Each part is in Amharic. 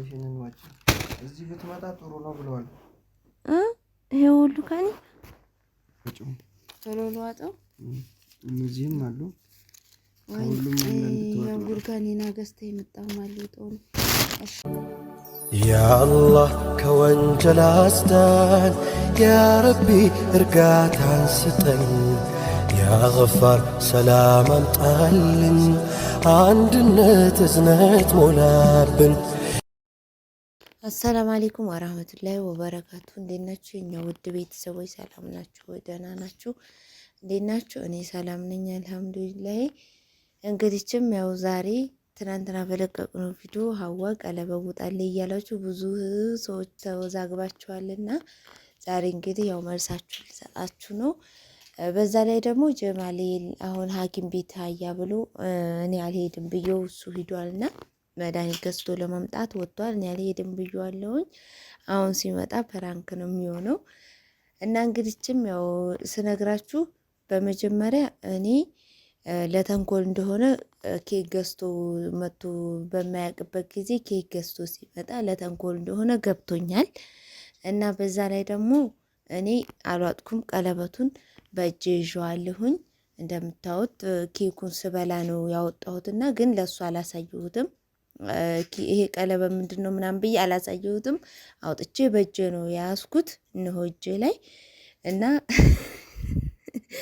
እዚህ ብትመጣ ጥሩ ነው ብለዋል። ይሄ ሁሉ ከኔ ቶሎ ልዋጠው። እነዚህም አሉ። ሁሉም ከኔና ገዝተ የመጣሁም አሉ። ያአላህ ከወንጀል አስዳን፣ ያረቢ እርጋታን ስጠን፣ ያገፋር ሰላም አምጣልን፣ አንድነት እዝነት ሞላብን አሰላም አሌይኩም ወራህመቱላሂ ወበረካቱ። እንዴት ናችሁ የኛ ውድ ቤተሰቦች? ሰላም ናችሁ? ደህና ናችሁ? እንዴት ናችሁ? እኔ ሰላም ነኝ አልሐምዱሊላህ። እንግዲችም ያው ዛሬ ትናንትና በለቀቅነው ቪዲዮ ሀዋ ቀለበት ውጣልኝ እያላችሁ ብዙ ሰዎች ተወዛግባችኋልና ዛሬ እንግዲህ ያው መልሳችሁ ልሰጣችሁ ነው። በዛ ላይ ደግሞ ጀማሌ አሁን ሐኪም ቤት አያ ብሎ እኔ አልሄድም ብዬው እሱ ሂዷልና መድኃኒት ገዝቶ ለመምጣት ወጥቷል። እኔ አልሄድም ብያለሁኝ። አሁን ሲመጣ ፕራንክ ነው የሚሆነው እና እንግዲችም ያው ስነግራችሁ በመጀመሪያ እኔ ለተንኮል እንደሆነ ኬክ ገዝቶ መቶ በማያውቅበት ጊዜ ኬክ ገዝቶ ሲመጣ ለተንኮል እንደሆነ ገብቶኛል። እና በዛ ላይ ደግሞ እኔ አልዋጥኩም፣ ቀለበቱን በእጅ ይዤዋለሁኝ። እንደምታዩት ኬኩን ስበላ ነው ያወጣሁትና ግን ለእሱ አላሳየሁትም። ይሄ ቀለበት ምንድን ነው ምናምን ብዬ አላሳየሁትም። አውጥቼ በእጄ ነው የያዝኩት። እንሆ እጄ ላይ እና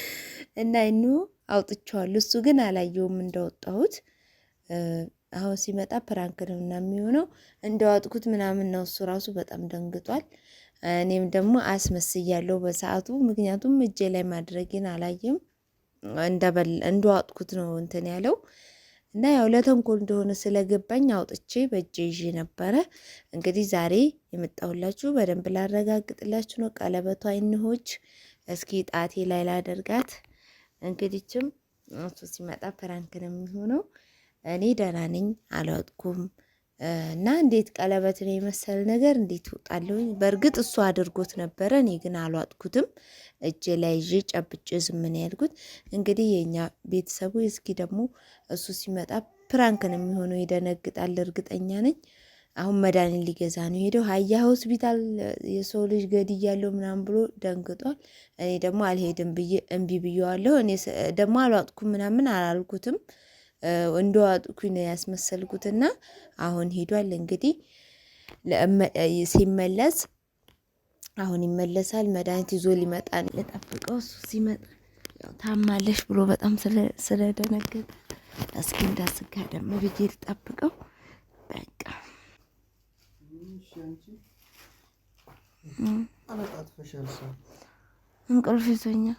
እና እንሆ አውጥቼዋለሁ። እሱ ግን አላየውም እንዳወጣሁት። አሁን ሲመጣ ፕራንክ ነው እና የሚሆነው እንዳወጥኩት ምናምን ነው። እሱ ራሱ በጣም ደንግጧል። እኔም ደግሞ አስመስያለሁ በሰዓቱ፣ ምክንያቱም እጄ ላይ ማድረግን አላየም። እንዳወጥኩት ነው እንትን ያለው እና ያው ለተንኮል እንደሆነ ስለገባኝ አውጥቼ በእጄ ይዤ ነበረ። እንግዲህ ዛሬ የመጣሁላችሁ በደንብ ላረጋግጥላችሁ ነው። ቀለበቷ አይንሆች እስኪ ጣቴ ላይ ላደርጋት። እንግዲችም እሱ ሲመጣ ፕራንክ ነው የሚሆነው። እኔ ደህና ነኝ አልወጥኩም እና እንዴት ቀለበት ነው የመሰል ነገር እንዴት ወጣለሁኝ። በእርግጥ እሱ አድርጎት ነበረ፣ እኔ ግን አልዋጥኩትም። እጅ ላይ ይዤ ጨብጬ ዝም ነው ያልኩት። እንግዲህ የእኛ ቤተሰቡ እስኪ ደግሞ እሱ ሲመጣ ፕራንክ ነው የሚሆነው፣ ይደነግጣል፣ እርግጠኛ ነኝ። አሁን መድኃኒት ሊገዛ ነው ሄደው፣ ሀያ ሆስፒታል የሰው ልጅ ገድያለሁ ምናምን ብሎ ደንግጧል። እኔ ደግሞ አልሄድም ብዬ እምቢ ብየዋለሁ። እኔ ደግሞ አልዋጥኩም ምናምን አላልኩትም። እንደዋጥኩኝ ነው ያስመሰልኩትና አሁን ሄዷል። እንግዲህ ሲመለስ አሁን ይመለሳል። መድኃኒት ይዞ ሊመጣ የጠብቀው እሱ ሲመጣ ታማለሽ ብሎ በጣም ስለደነገጠ እስኪ እንዳስጋ ደግሞ ብዬ ልጠብቀው በቃ እንቅልፍ ይዞኛል።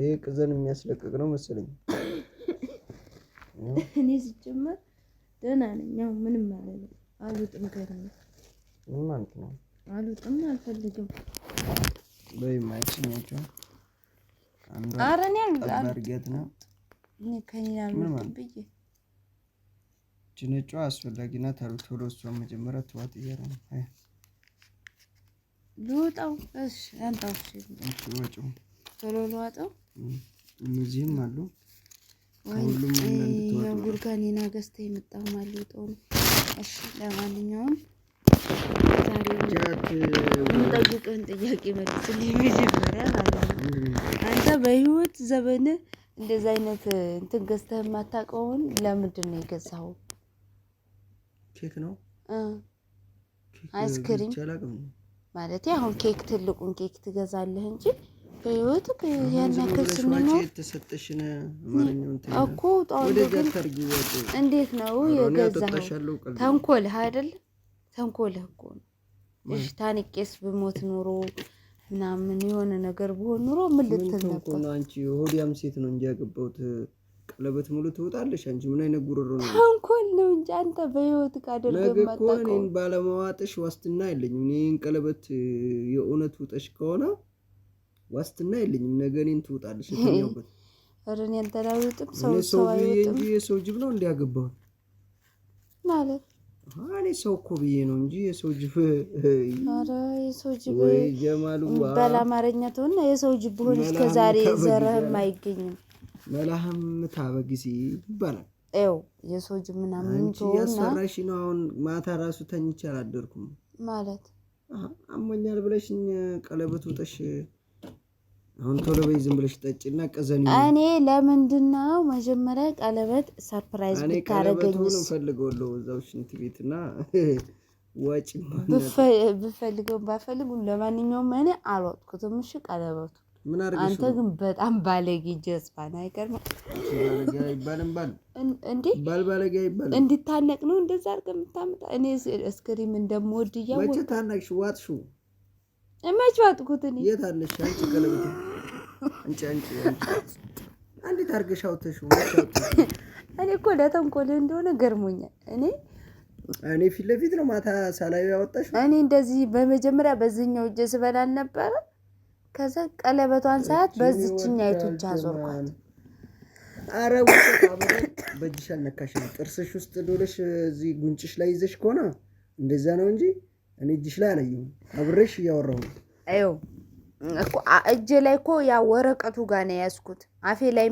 ይሄ ቅዘን የሚያስለቅቅ ነው መሰለኝ። እኔ ሲጀመር ደህና ነኝ። ያው ምንም አለለ አልውጥም ከእኔ ምን ማለት ነው? አልውጥም አልፈልግም። በይ ማይክስ ናቸው። ነው ጭንጫ አስፈላጊ ናት አሉ ቶሎ እሷን መጀመሪያ ትዋት እያለ ነው ልውጣው። እሺ አንተ እሺ ቶሎ ልዋጠው እነዚህም አሉ። ሁሉም ኔና ማለት እሺ ለማንኛውም ጥያቄ መልስልኝ መጀመሪያ አንተ በህይወት ዘመንህ እንደዚህ አይነት እንትን ገዝተህ የማታውቀውን ለምንድን ነው የገዛኸው? ኬክ ነው አይስክሪም ማለት አሁን ኬክ ትልቁን ኬክ ትገዛለህ እንጂ በህይወት ያን ያክል ስንኖር እንዴት ነው የገዛኸው? ተንኮልህ አይደል? ተንኮልህ እኮ ነው። እሺ ታንቄስ ብሞት ኑሮ ምናምን የሆነ ነገር ብሆን ኑሮ ምን ልትል ነበር? አንቺ ሆዲያም ሴት ነው እንጂ ያገባሁት ቀለበት ሙሉ ትውጣለሽ። አንቺ ምን አይነት ጉሮሮ ነው? ተንኮል ነው እንጂ አንተ በህይወት ካደርገ ማጣቆ ባለመዋጥሽ ዋስትና የለኝም። እኔን ቀለበት የእውነት ውጠሽ ከሆነ ዋስትና የለኝም። ነገ እኔን ትውጣለች የተኛውበት እኔ ሰው ሰው አይውጥም። የሰው ጅብ ነው እንዲያገባሁት ማለት እኔ ሰው እኮ ብዬ ነው እንጂ የሰው ጅብ የሰው ጅብ በል አማርኛ ተሆና የሰው ጅብ ሆን እስከ ዛሬ ዘረህም አይገኝም። መላህም ታበ ጊዜ ይባላል። ው የሰው ጅብ ምናምን ያሰራሽ ነው። አሁን ማታ ራሱ ተኝቼ አላደርኩም ማለት አሞኛል ብለሽኝ ቀለበት ውጠሽ አሁን ቶሎ በይ ዝም ብለሽ ጠጪና ቀዘኒ። እኔ ለምንድን ነው መጀመሪያ ቀለበት ሰርፕራይዝ ብታረገኝ ነው እዛው ሽንት ቤትና ወጪ ብፈልገው ባፈልጉ ለማንኛውም እኔ አልወጥኩትም። እሺ ቀለበቱ አንተ ግን በጣም ባለጌ ጀዝባን አይቀርም እንዴ? ባል ባለጌ አይባልም። እንዲታነቅ ነው እንደዛ አድርገህ የምታመጣ እኔ እስክሪም እንደምወድ እያወቅ ታናቅሽ ዋጥሹ እመች ዋጥኩት እኔ የት አለሽ አንቺ? ቀለበት አንቺ አንቺ አንዲት አድርገሽ አውጥተሽ እኔ እኮ ለተንኮልህ እንደሆነ ገርሞኛል። እኔ እኔ ፊት ለፊት ነው ማታ ሳላዩ ያወጣሽ። እኔ እንደዚህ በመጀመሪያ በዚህኛው እጄ ስበላል ነበረ። ከዛ ቀለበቷን ሰዓት በዚችኛ አይቶች አዞርኳት። አረ በእጅሽ አልነካሽም። ጥርስሽ ውስጥ ዶለሽ እዚህ ጉንጭሽ ላይ ይዘሽ ከሆነ እንደዛ ነው እንጂ እኔ እጅሽ ላይ አላየሁም። አብሬሽ እያወራሁ ነው። ይኸው እኮ እጄ ላይ እኮ ያ ወረቀቱ ጋር ነው የያዝኩት። አፌ ላይ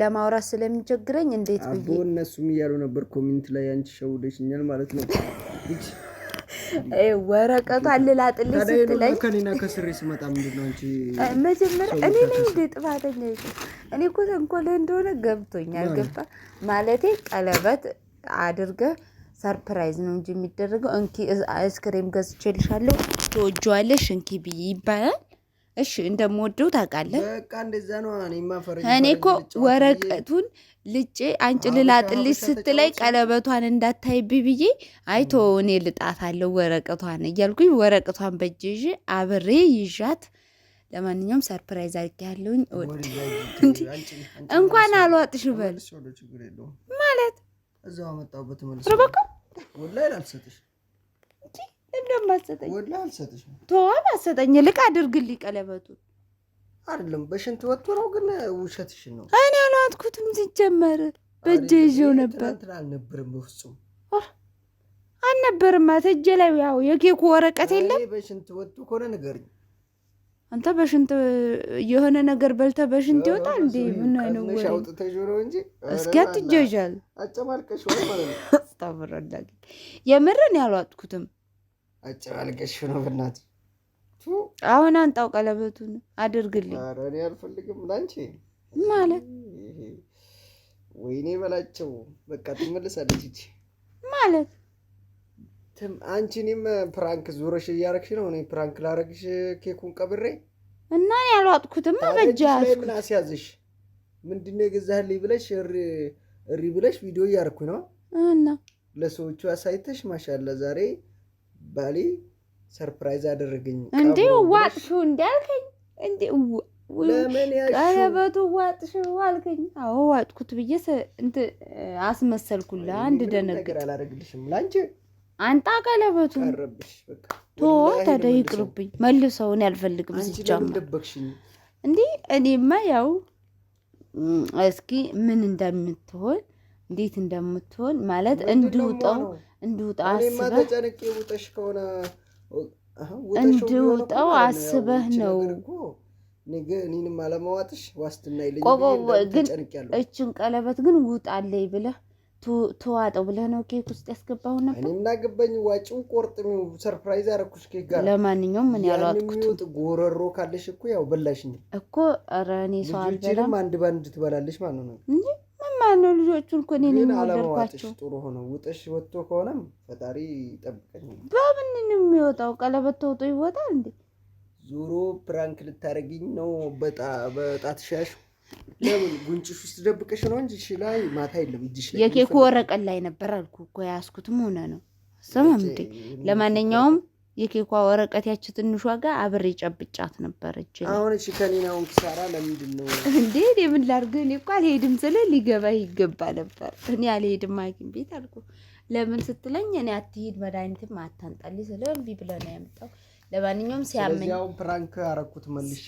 ለማውራት ስለሚቸግረኝ እንዴት ብዬ አቦ እነሱም እያሉ ነበር። ኮሚኒቲ ላይ አንቺ ሸውደሽኛል ማለት ነው። ወረቀቱ አልላጥልሽ ስትለኝ ከኔና ከስሬ ስመጣ ምንድን ነው አንቺ መጀመር እኔ ነኝ እንደ ጥፋተኛ። እኔ እኮ ተንኮልህ እንደሆነ ገብቶኛል። ገባ ማለቴ ቀለበት አድርገህ ሰርፕራይዝ ነው እንጂ የሚደረገው። እንኪ አይስክሬም ገዝቼልሻለሁ ትወጂዋለሽ እንኪ ብዬ ይባላል። እሺ እንደምወደው ታውቃለህ። እኔ እኮ ወረቀቱን ልጬ አንጭ ልላጥልሽ ስትለይ ቀለበቷን እንዳታይብ ብዬ አይቶ እኔ ልጣፋለሁ ወረቀቷን እያልኩኝ ወረቀቷን በእጅ ይዤ አብሬ ይዣት ለማንኛውም ሰርፕራይዝ አድርጌያለሁኝ። ወድ እንኳን አልዋጥሽ በል ማለት ወላሂ አልሰጥሽ እንጂ እንደማትሰጠኝ ወላሂ አልሰጥሽ። ተወው አትሰጠኝ። ልቅ አድርግልኝ ቀለበቱን። አይደለም በሽንት ወጥቶ ነው ግን ውሸትሽን ነው። እኔ አልዋጥኩትም ሲጀመር በእጄ ይዤው ነበር። እንትን በፍጹም አልነበርማ። እጄ ላይ ያው የኬኩ ወረቀት የለም። በሽንት ወጥቶ ከሆነ ንገሪኝ አንተ በሽንት የሆነ ነገር በልተ በሽንት ይወጣል እንዴ? ምን አይነት እስኪ አትጃጃል። የምርን ያልዋጥኩትም አጨማልቀሽ ነው ብናት አሁን አንጣው ቀለበቱን አድርግልኝ አልፈልግም። ላንቺ ማለት ወይኔ በላቸው በቃ ትመልሳለች ማለት አንቺ እኔም ፕራንክ ዙረሽ እያረግሽ ነው። እኔ ፕራንክ ላረግሽ ኬኩን ቀብሬ እና ያልዋጥኩትማ በእጅ ያዝኩት። ምን አስያዝሽ? ምንድነው የገዛህልኝ ብለሽ እሪ ብለሽ ቪዲዮ እያረኩኝ ነው እና ለሰዎቹ አሳይተሽ ማሻላ ዛሬ ባሌ ሰርፕራይዝ አደረገኝ እንዴ ዋጥሹ እንዳልከኝ እንዴ ቀለበቱ ዋጥሽው አልከኝ። አዎ ዋጥኩት ብዬ አስመሰልኩላ አንድ እንድደነግጥ አላረግልሽም ላንቺ አንጣ ቀለበቱ ቶ ታዲያ ይቅርብኝ። መልሰው እኔ አልፈልግም። ሲጀምር እኔማ ያው እስኪ ምን እንደምትሆን እንዴት እንደምትሆን ማለት እንድውጠው እንድውጣ አስበህ እንድውጠው አስበህ ነው ግን እችን ቀለበት ግን ውጣለይ ብለህ ተዋጠው ብለህ ነው ኬክ ውስጥ ያስገባው ነበር። እኔ ምናገባኝ ዋጭው ቆርጥ ሰርፕራይዝ አረኩሽ ኬክ ጋር። ለማንኛውም ምን ያሏጥኩት ጎረሮ ካለሽ እኮ ያው በላሽኝ እኮ። ኧረ እኔ ሰው አልበላም። አንድ ባንድ ትበላለሽ ማለት ነው እንጂ ምን ማለት ነው? ልጆቹን እኮ እኔ ነው የምወደድኳቸው። ጥሩ ሆነ ውጥሽ ወጥቶ ከሆነም ፈጣሪ ይጠብቀኝ። በምን የሚወጣው? ቀለበት ተውጦ ይወጣል እንዴ? ዙሮ ፕራንክ ልታረግኝ ነው በጣት ሻሽ ለምን ጉንጭሽ ውስጥ ደብቀሽ ነው እንጂ እሺ። ላይ ማታ የለም እጅሽ ላይ የኬኩ ወረቀት ላይ ነበር አልኩ እኮ ያስኩትም ሆነ ነው እንዴ። ለማንኛውም የኬኳ ወረቀት ያች ትንሿ ጋር አብሬ ጨብጫት ነበር አሁን እሺ፣ ኪሳራ ለምንድን ነው እንዴ? እኔ ምን ላድርግ? እኔ እኮ አልሄድም ስለ ሊገባ ይገባ ነበር። እኔ አልሄድም ሐኪም ቤት አልኩ። ለምን ስትለኝ እኔ መድኃኒትም አታንጣልኝ ስለ እምቢ ብለህ ነው ያመጣው። ለማንኛውም ሲያመኝ ፕራንክ አረኩት መልሼ